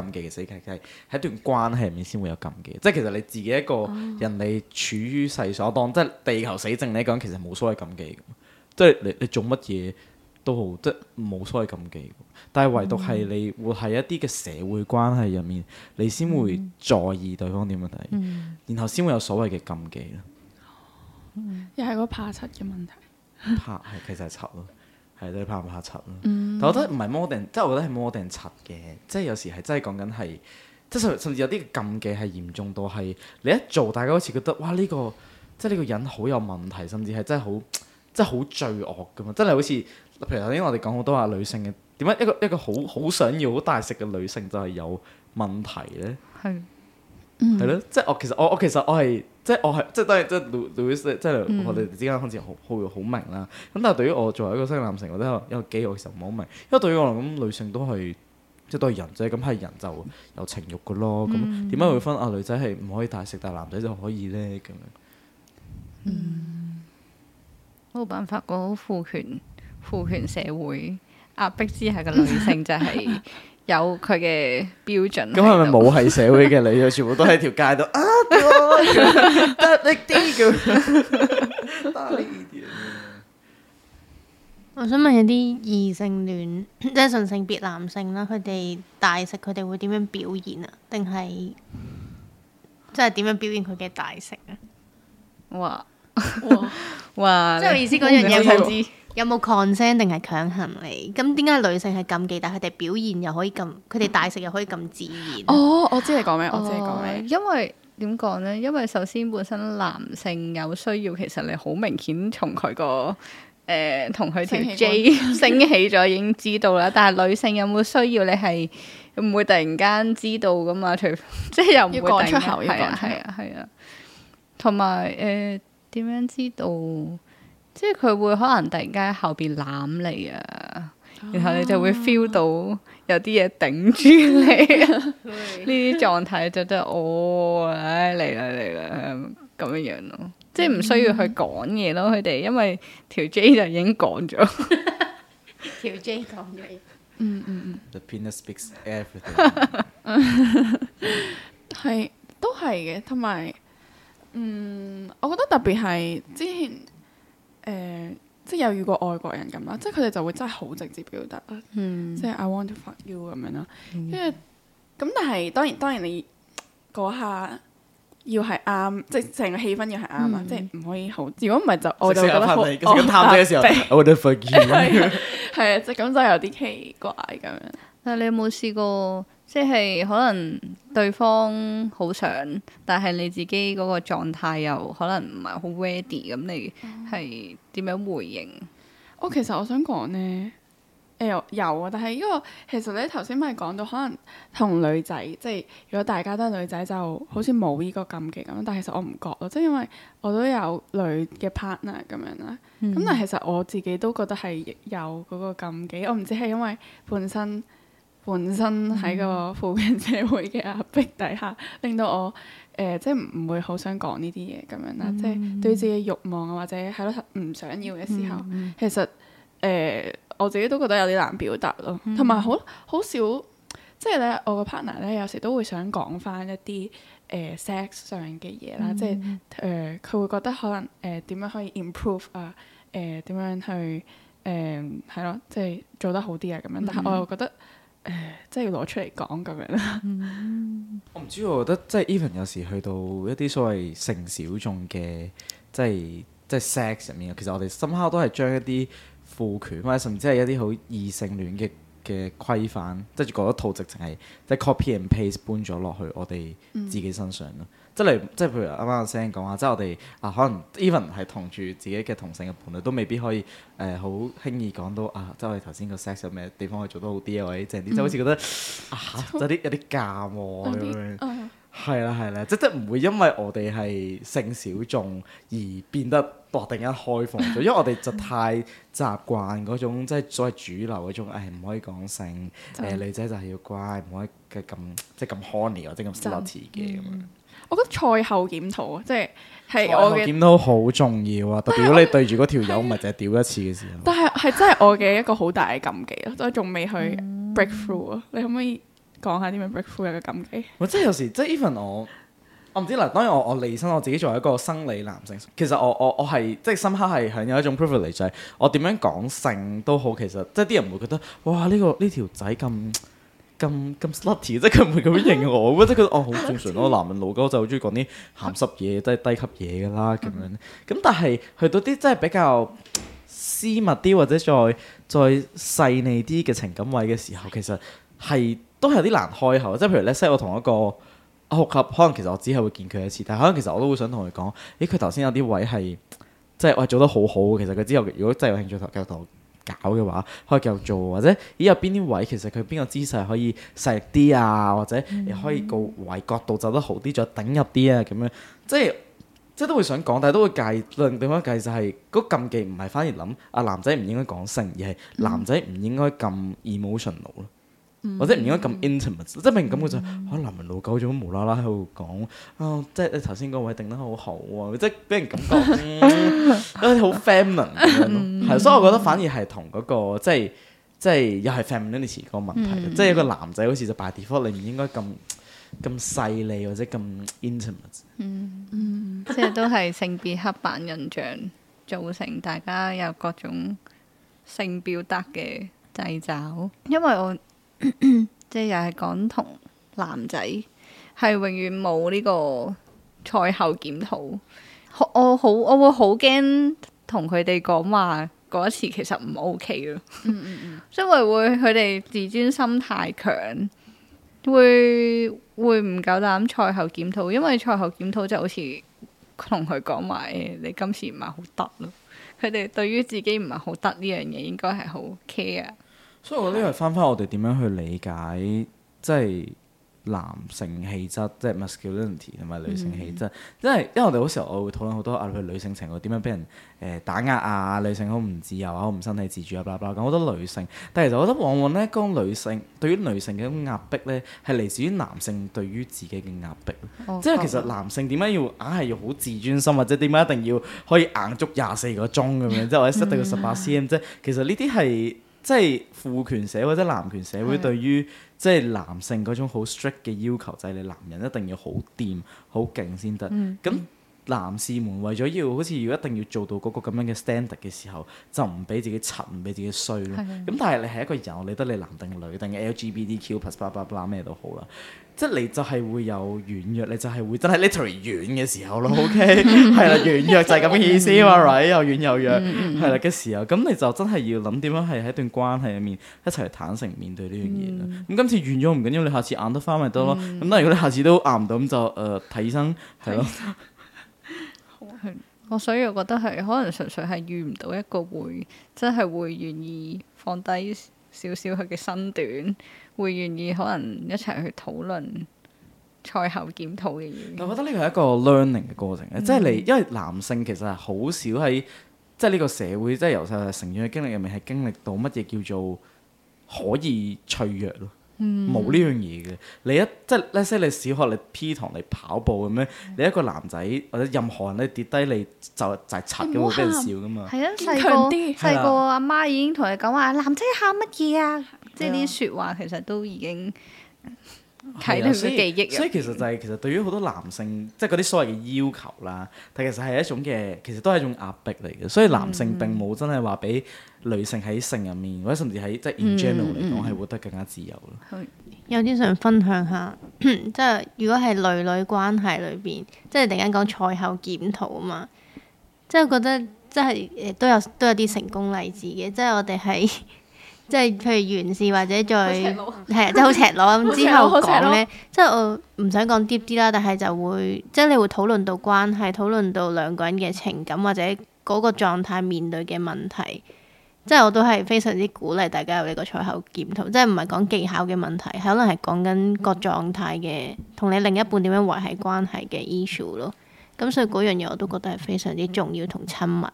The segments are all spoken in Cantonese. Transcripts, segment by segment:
禁忌嘅死契契喺一段關係入面先會有禁忌，即係其實你自己一個人，你處於世所當，哦、即係地球死症嚟講，其實冇所謂禁忌，即係你你做乜嘢都好，即係冇所謂禁忌。但係唯獨係你活喺一啲嘅社會關係入面，嗯、你先會在意對方點樣睇，嗯、然後先會有所謂嘅禁忌咯、嗯。又係個怕七嘅問題，怕 係其實七。咯。係都怕唔怕柒。拍拍嗯、但我覺得唔係摩定，即、就、係、是、我覺得係摩定柒嘅，即、就、係、是、有時係真係講緊係，即係甚甚至有啲禁忌係嚴重到係你一做，大家好似覺得哇呢、這個即係呢個人好有問題，甚至係真係好真係好罪惡㗎嘛，真、就、係、是、好似譬如頭先我哋講好多話，女性嘅點解一個一個好好想要好大食嘅女性就係有問題咧？係，係、嗯、咯，即係、就是、我，我，我其實我我其實我係。即係我係，即係當然，即係女女即係我哋之間好似好好好明啦。咁、嗯、但係對於我作為一個新嘅男性，我都有一個基，我其實唔好明。因為對於我嚟講，女性都係即係都係人啫。咁係人就有情欲嘅咯。咁點解會分啊？女仔係唔可以大食，但係男仔就可以咧咁？嗯，冇辦法，嗰個父權父權社會壓迫之下嘅女性就係、是。 有佢嘅標準。咁係咪冇係社會嘅女仔，哈哈 全部都喺條街度啊？我想問有啲異性戀，即係純性別男性啦，佢哋大食佢哋會點樣表演啊？定係即係點樣表演佢嘅大食啊？哇哇！哇 即係意思嗰樣嘢，我想知。有冇 consent 定係強行你？咁點解女性係禁忌，但係佢哋表現又可以咁，佢哋大食又可以咁自然？哦，我知你講咩，哦，我知你講咩。因為點講咧？因為首先本身男性有需要，其實你好明顯從佢個誒同佢條 J 升起咗已經知道啦。但係女性有冇需要？你係唔會突然間知道噶嘛？除即係又唔會突然間講出口，係啊係啊，同埋誒點樣知道？即係佢會可能突然間喺後邊攬你啊，然後你就會 feel 到有啲嘢頂住你啊，呢啲狀態就得、就是、 哦唉嚟啦嚟啦咁樣樣咯，即係唔需要去講嘢咯，佢哋、嗯、因為條 J 就已經講咗，條 J 講咗、嗯，嗯嗯嗯，The pin speaks everything，係都係嘅，同埋，嗯我覺得特別係之前。誒、呃，即係有遇過外國人咁啦，即係佢哋就會真係好直接表達啊，嗯、即係 I want to fuck you 咁樣啦。因為咁，但係當然當然你嗰下要係啱，嗯、即係成個氣氛要係啱啊，嗯、即係唔可以好。如果唔係就我就覺得、嗯嗯、好。我覺得係啊，係、嗯、啊，即係咁就有啲奇怪咁樣。但係你有冇試過？即係可能對方好想，但係你自己嗰個狀態又可能唔係好 ready 咁，你係點樣回應？我、哦、其實我想講呢，誒、欸、有啊，但係呢個其實你頭先咪講到，可能同女仔，即係如果大家都係女仔，就好似冇呢個禁忌咁。但係其實我唔覺咯，即係因為我都有女嘅 partner 咁樣啦。咁、嗯、但係其實我自己都覺得係有嗰個禁忌。我唔知係因為本身。本身喺個父權社會嘅壓迫底下，令到我誒即係唔會好想講呢啲嘢咁樣啦。即係、嗯、對自己慾望或者係咯唔想要嘅時候，嗯、其實誒、呃、我自己都覺得有啲難表達咯。同埋好好少即係咧，我個 partner 咧有時都會想講返一啲誒、呃、sex 上嘅嘢啦。嗯、即係誒佢會覺得可能誒點、呃、樣可以 improve 啊，誒、呃、點樣去誒係咯，即、呃、係、就是、做得好啲啊咁樣。但係我又覺得。誒，即係攞出嚟講咁樣啦、嗯。 我唔知，我覺得即係 even 有時去到一啲所謂性小眾嘅，即係即係 sex 入面，其實我哋深刻都係將一啲父權或者甚至係一啲好異性戀嘅嘅規範，即係嗰一套直情係即係 copy and paste 搬咗落去我哋自己身上咯。嗯。即係，譬如啱啱阿 Sam 講話，即係我哋啊，可能 even 係同住自己嘅同性嘅伴侶，都未必可以誒，好輕易講到啊。即係我哋頭先個 sex 有咩地方可以做得好啲啊，或者正啲，即係好似覺得啊，有啲有啲尷尬咁樣。係啦係啦，即係即係唔會因為我哋係性小眾而變得搏定一開放咗，因為我哋就太習慣嗰種即係所謂主流嗰種誒，唔可以講性誒，女仔就係要乖，唔可以咁即係咁 horny 或者咁 slutty 嘅咁樣。我覺得賽後檢討啊，即係係我嘅檢討好重要啊，特別如果你對住嗰條友，咪係就係屌一次嘅時候，但係係真係我嘅一個好大嘅禁忌咯，即係仲未去 break through 啊！你可唔可以講下啲咩 break through 嘅禁忌？哦，即係有時，即係 even 我我唔知嗱，當然我我離身，我自己作為一個生理男性，其實我我我係即係深刻係享有一種 privilege，我點樣講性都好，其實即係啲人唔會覺得哇呢個呢條仔咁。呢個呢個咁咁 slutty，即係佢唔會咁樣認我，或者佢哦好正常咯， 男人老狗就好中意講啲鹹濕嘢， 即係低級嘢㗎啦咁樣。咁但係去到啲真係比較私密啲或者再再細膩啲嘅情感位嘅時候，其實係都係有啲難開口。即係譬如咧，即係我同一個阿學級，可能其實我只係會見佢一次，但係可能其實我都會想同佢講，咦佢頭先有啲位係即係我係做得好好，其實佢之後如果真係有興趣讀劇堂。搞嘅話，可以繼續做，或者咦有邊啲位，其實佢邊個姿勢可以實力啲啊？或者你可以個位角度走得好啲，再頂入啲啊？咁樣即係即係都會想講，但係都會介論點樣介，就係、是、嗰禁忌唔係反而諗啊，男仔唔應該講性，而係男仔唔應該咁 emotional 咯。或者唔應該咁 intimate，即係俾人感覺就嚇、啊、男人老狗咁無啦啦喺度講啊，即係你頭先嗰位定得好好啊，即係俾人感覺、 嗯、都好 feminine 係，所以我覺得反而係同嗰、那個即係即係又係 femininity 個問題，嗯、即係一個男仔好似就 by default 你唔應該咁咁細膩或者咁 intimate。嗯嗯，即係都係性別刻板印象 造成大家有各種性表達嘅製造，因為我。即係又係講同男仔，係永遠冇呢個賽後檢討。我我好我會好驚同佢哋講話嗰一次其實唔 OK 咯。因為會佢哋自尊心太強，會會唔夠膽賽後檢討。因為賽後檢討就好似同佢講埋，你今次唔係好得咯。佢哋對於自己唔係好得呢樣嘢，應該係好 care。所以我覺得係翻翻我哋點樣去理解，即係男性氣質，即係 masculinity 同埋女性氣質。因為、嗯、因為我哋好多時候，我會討論好多啊，譬如女性程度點樣俾人誒打壓啊，女性好唔自由啊，好唔身體自主啊，巴拉巴拉。咁好多女性，但係其實我覺得往往呢講女性對於女性嘅一種壓迫呢，係嚟自於男性對於自己嘅壓迫。哦、即係其實男性點解要硬係要好自尊心，或者點解一定要可以硬足廿四個鐘咁樣，即係或者一定要十八 cm。即係其實呢啲係。即係父權社會或者男權社會對於是的 即係男性嗰種好 strict 嘅要求，就係、是、你男人一定要好掂好勁先得。咁、嗯、男士們為咗要好似要一定要做到嗰個咁樣嘅 standard 嘅時候，就唔俾自己沉、唔俾自己衰咯。咁但係你係一個人，我理得你男定女定嘅 LGBTQ plus blah blah blah 咩都好啦。即係你就係會有軟弱，你就係會真係 literally 軟嘅時候咯，OK？係啦，軟弱就係咁嘅意思嘛、 right? 又軟又弱，係啦嘅時候，咁你就真係要諗點樣係喺段關係入面一齊坦誠面對呢樣嘢咯。咁今次軟咗唔緊要，你下次硬得翻咪得咯。咁但係如果你下次都硬唔到，咁就誒睇醫生係咯。我所以我覺得係可能純粹係遇唔到一個會真係會願意放低少少佢嘅身段。會願意可能一齊去討論賽後檢討嘅嘢。我覺得呢個係一個 learning 嘅過程咧，嗯、即係你因為男性其實係好少喺即係呢個社會，即係由細細成長嘅經歷入面係經歷到乜嘢叫做可以脆弱咯，冇呢樣嘢嘅。你一即係咧，即係你小學你 P 堂你跑步咁樣，嗯、你一個男仔或者任何人咧跌低，你就就係擦嘅嘛，俾人笑嘅嘛。係啊，細個細個阿媽已經同你講話，男仔喊乜嘢啊？即係啲說話，其實都已經睇到佢記憶、啊所。所以其實就係、是、其實對於好多男性，即係嗰啲所謂嘅要求啦，但其實係一種嘅，其實都係一種壓迫嚟嘅。所以男性並冇真係話畀女性喺性入面，或者、嗯、甚至喺即係 in general 嚟講，係、嗯、活得更加自由咯。有啲想分享下，即係如果係女女關係裏邊，即係突然間講賽後檢討啊嘛，即係覺得即係誒都有都有啲成功例子嘅，即係我哋喺。即係譬如完事或者再係啊，即係好赤裸咁之後講咧，即係我唔想講 deep 啲啦，但係就會即係、就是、你會討論到關係，討論到兩個人嘅情感或者嗰個狀態面對嘅問題，即、就、係、是、我都係非常之鼓勵大家有呢個賽後檢討，即係唔係講技巧嘅問題，係可能係講緊個狀態嘅同你另一半點樣維係關係嘅 issue 咯。咁所以嗰樣嘢我都覺得係非常之重要同親密，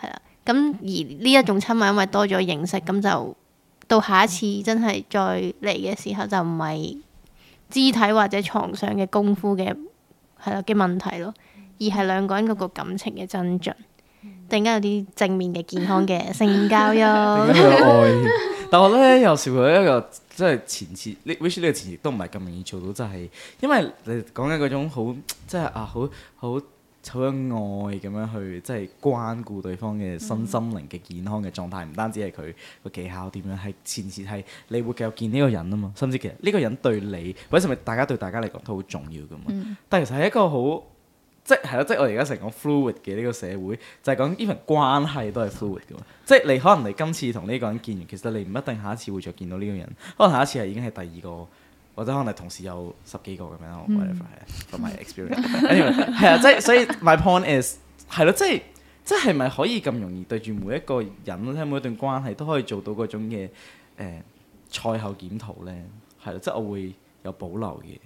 係啦。咁而呢一種親密，因為多咗認識，咁就到下一次真係再嚟嘅時候，就唔係肢體或者床上嘅功夫嘅係啦嘅問題咯，而係兩個人嗰個感情嘅增進，突然間有啲正面嘅健康嘅性交咯。 但我覺得有時呢一個即係前設呢，which 呢個前設亦都唔係咁容易做到，就係、是、因為你講緊嗰種好即係啊好好。出於愛咁樣去，即係關顧對方嘅身心靈嘅健康嘅狀態，唔、嗯、單止係佢個技巧點樣，係前次係你會繼續見呢個人啊嘛，甚至其實呢個人對你或者係咪大家對大家嚟講都好重要嘅嘛？嗯、但係其實係一個好即係咯，即係我而家成日講 fluid 嘅呢個社會，就係、是、講 even 關係都係 fluid 嘅，即係你可能你今次同呢個人見完，其實你唔一定下一次會再見到呢個人，可能下一次係已經係第二個。或者可能同時有十幾個咁樣咯，嗯、我覺得係，同埋 experience。係啊，即係所以 my point is 係咯，即係即係咪可以咁容易對住每一個人咧，即係、每一段關係都可以做到嗰種嘅誒、呃、賽後檢討咧？係咯，即、就、係、是、我會有保留嘅。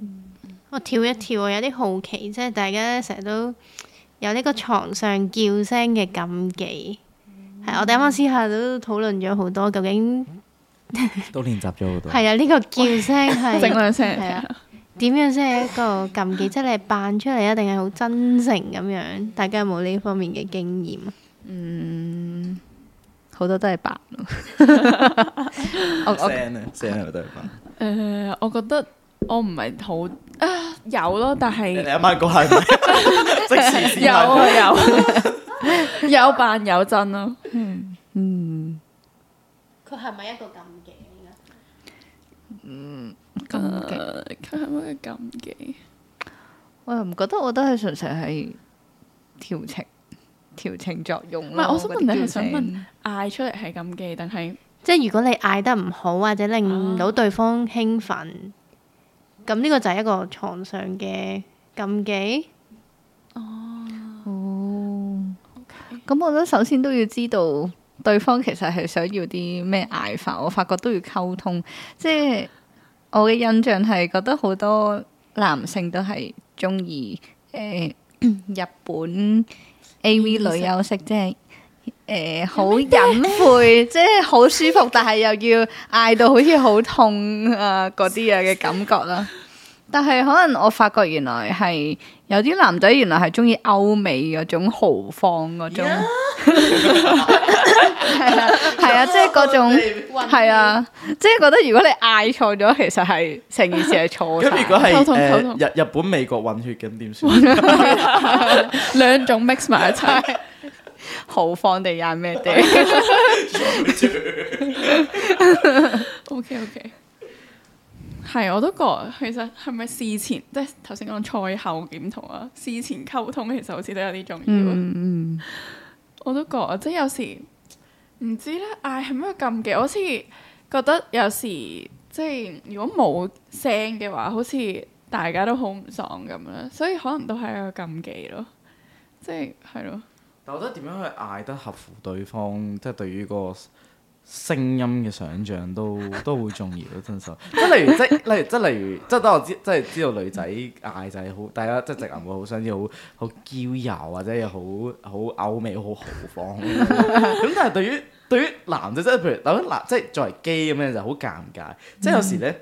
嗯、我跳一跳啊，有啲好奇，即係大家成日都有呢個床上叫聲嘅禁忌。係、嗯，我哋啱啱私下都討論咗好多，究竟？都練習咗好多。係啊，呢個叫聲係，整兩聲係啊。點樣先係一個禁忌出嚟扮出嚟，一定係好真誠咁樣？大家有冇呢方面嘅經驗？嗯，好多都係扮。聲咧，聲都係扮。誒，我覺得我唔係好有咯，但係。你阿媽講係。有啊有。有扮有真咯。嗯。佢係咪一個咁？佢係乜禁忌？啊、禁忌我又唔覺得，我覺得純粹調情，我得係純粹係調情調情作用唔係、啊，我想問你係想問嗌出嚟係禁忌，定係即係如果你嗌得唔好或者令到對方興奮，咁呢、啊、個就係一個床上嘅禁忌。哦，哦，咁 Okay. 我覺得首先都要知道對方其實係想要啲咩嗌法。我發覺都要溝通，即係。我嘅印象係覺得好多男性都係中意誒日本 A V 女優式，即係誒好隱晦，呃、隱 即係好舒服，但係又要嗌到好似好痛啊嗰啲樣嘅感覺啦。 但係可能我發覺原來係有啲男仔原來係中意歐美嗰種豪放嗰種，係 Yeah. 啊，啊即係嗰種，係上啊，即係覺得如果你嗌錯咗，其實係成件事係錯。咁 如果係是日日本美國混血嘅，點算？ 兩種 mix 埋一齊， 豪放地嗌咩？啲笑笑 OK OK。係，我都覺其實係咪事前即係頭先講賽後點同啊？事前溝通其實好似都有啲重要。嗯、我都覺啊，嗯、即係有時唔知咧，嗌係咩禁忌？好似覺得有時即係如果冇聲嘅話，好似大家都好唔爽咁樣，所以可能都係一個禁忌咯。即係係咯。但我覺得點樣去嗌得合乎對方，即係對於、那個。聲音嘅想象都都好重要、啊、真心。即係例如，即係例如，即係例如，即係當我知，即係知道女仔嗌仔好，大家即係直男會好想要，好好嬌柔或者又好好歐美好豪放。咁但係對於對於男仔，即係譬如嗱，男即係作為基咁樣就好尷尬。即係有時呢，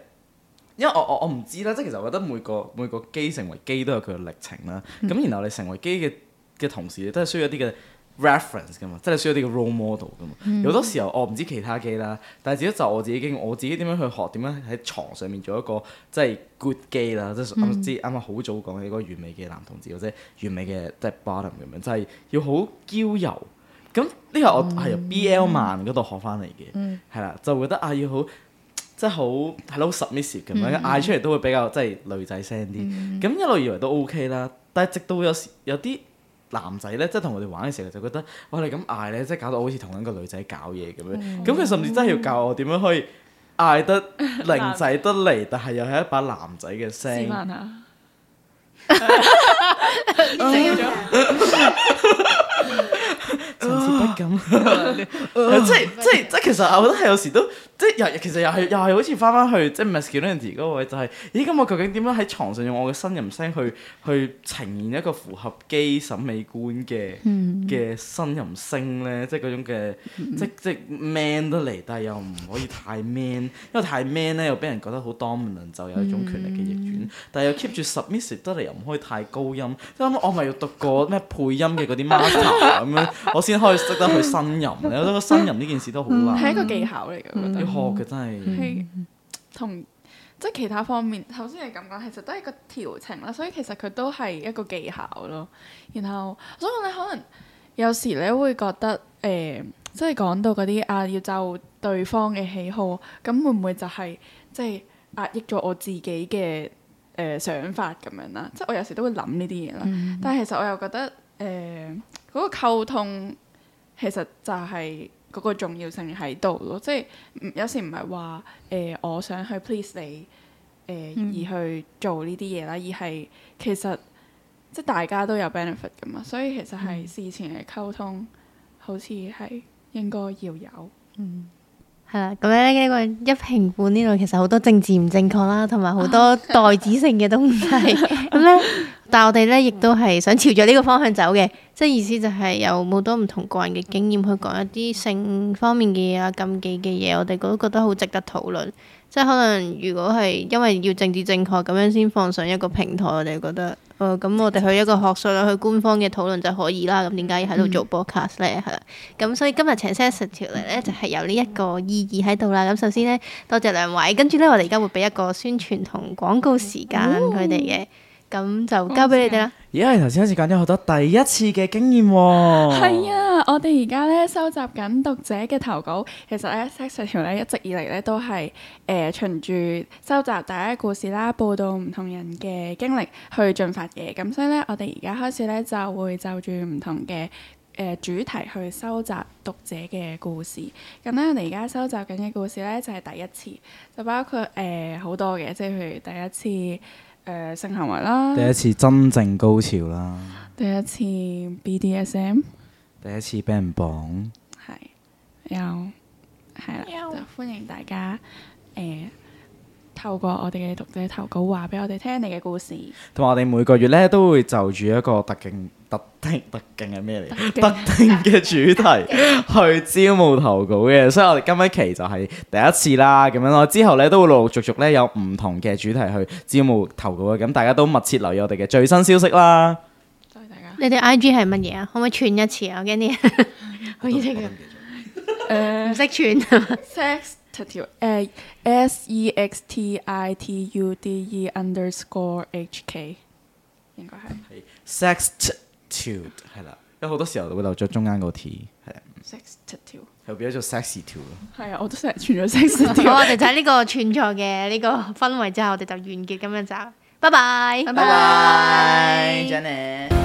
因為我我我唔知啦。即係其實我覺得每個每個基成為基都有佢嘅歷程啦。咁、嗯、然後你成為基嘅嘅同時，亦都係需要一啲嘅。reference 噶嘛，即係需要呢個 role model 噶嘛。有好、嗯、多時候，我唔知其他機啦，但係至少就我自己嘅，我自己點樣去學，點樣喺床上面做一個即係 good 機啦。即係我知啱啱好早講起嗰個完美嘅男同志，或者完美嘅即係 bottom 咁樣，即係要好嬌柔。咁呢個我係、嗯、由 BL m 漫嗰度學翻嚟嘅，係、嗯嗯、啦，就會覺得啊要好，即係好係咯，submissive 咁樣嗌、嗯嗯、出嚟都會比較即係女仔聲啲。咁、嗯嗯、一路以為都 OK 啦，但係直到有時有啲。男仔呢，即係同佢哋玩嘅時候，就覺得哇！你咁嗌呢？即係搞到好似同一個女仔搞嘢咁樣。咁佢、嗯嗯、甚至真係要教我點樣可以嗌得靚仔得嚟，生但係又係一把男仔嘅聲。層次不夠，即係即係即係，其實我覺得係有時都即係又其實又係又係好似翻翻去即係 masculinity 嗰位就係、是，咦咁我究竟點樣喺床上用我嘅呻吟聲去去呈現一個符合基審美觀嘅嘅呻吟聲咧？即係嗰種嘅即即，即 man 得嚟，但係又唔可以太 man，因為太 man 咧又俾人覺得好 dominant 就有一種權力嘅逆轉。嗯、但係又 keep 住 submissive 得嚟又唔可以太高音，啱啱、嗯、我咪要讀過咩配音嘅嗰啲 master 咁樣，我。先可以識得去呻吟咧， 我覺得呻吟呢件事都好難，係、嗯嗯、一個技巧嚟嘅。嗯、要學嘅真係係同即係其他方面。頭先你咁講，其實都係個調情啦，所以其實佢都係一個技巧咯。然後所以我咧可能有時咧會覺得誒、呃，即係講到嗰啲啊，要就對方嘅喜好，咁會唔會就係即係壓抑咗我自己嘅誒、呃、想法咁樣啦？即係我有時都會諗呢啲嘢啦，嗯、但係其實我又覺得。誒，嗰個溝通其實就係嗰個重要性喺度咯，即係有時唔係話誒我想去 please 你誒而去做呢啲嘢啦，而係其實即係大家都有 benefit 噶嘛，所以其實係事前嘅溝通好似係應該要有。嗯。係啦，咁咧呢個一評判，呢度其實好多政治唔正確啦，同埋好多代指性嘅東西咁咧。但係我哋咧亦都係想朝著呢個方向走嘅，即係意思就係有好多唔同個人嘅經驗去講一啲性方面嘅嘢啊、禁忌嘅嘢，我哋都覺得好值得討論。即係可能，如果係因為要政治正確咁樣先放上一個平台，我哋覺得，誒、呃、咁我哋去一個學術去官方嘅討論就可以啦。咁點解要喺度做 broadcast 咧？係啦、嗯，咁所以今日請 Sextitude 嚟咧就係、是、有呢一個意義喺度啦。咁首先咧，多謝兩位，跟住咧，我哋而家會俾一個宣傳同廣告時間佢哋嘅。哦。咁就交俾你哋啦。而家係頭先開始講咗好多第一次嘅經驗、哦。係啊，我哋而家咧收集緊讀者嘅投稿。其實咧，Sextitude 咧一直以嚟咧都係誒、呃、循住收集大家嘅故事啦，報道唔同人嘅經歷去進發嘅。咁所以咧，我哋而家開始咧就會就住唔同嘅誒、呃、主題去收集讀者嘅故事。咁咧，我哋而家收集緊嘅故事咧就係、是、第一次，就包括誒好、呃、多嘅，即係譬如第一次。誒，性、呃、行為啦，第一次真正高潮啦， 第一次 BDSM，第一次俾人綁，係，有 係樂啦， 歡迎大家誒、呃，透過我哋嘅讀者投稿，話俾我哋聽你嘅故事，同埋我哋每個月咧都會就住一個特警。特定特定係咩嚟？特定嘅主題去招募投稿嘅，所以我哋今一期就係第一次啦，咁樣咯。之後咧都會陸陸續續咧有唔同嘅主題去招募投稿嘅，咁大家都密切留意我哋嘅最新消息啦。多謝大家。你哋 I G 係乜嘢啊？可唔可以串一次啊？我驚啲。可以識嘅。誒，唔識串。sextitude 誒 s e x t i t u d e underscore h k 應該係。sext 條係啦，因為好多時候會留咗中間個 T，係 sex t 七又後咗做 sexy t 條咯。係啊，我都成日串咗 sexy 條。我哋睇呢個串錯嘅呢個氛圍之後，我哋就完結今日集。拜拜，拜拜，Jenny。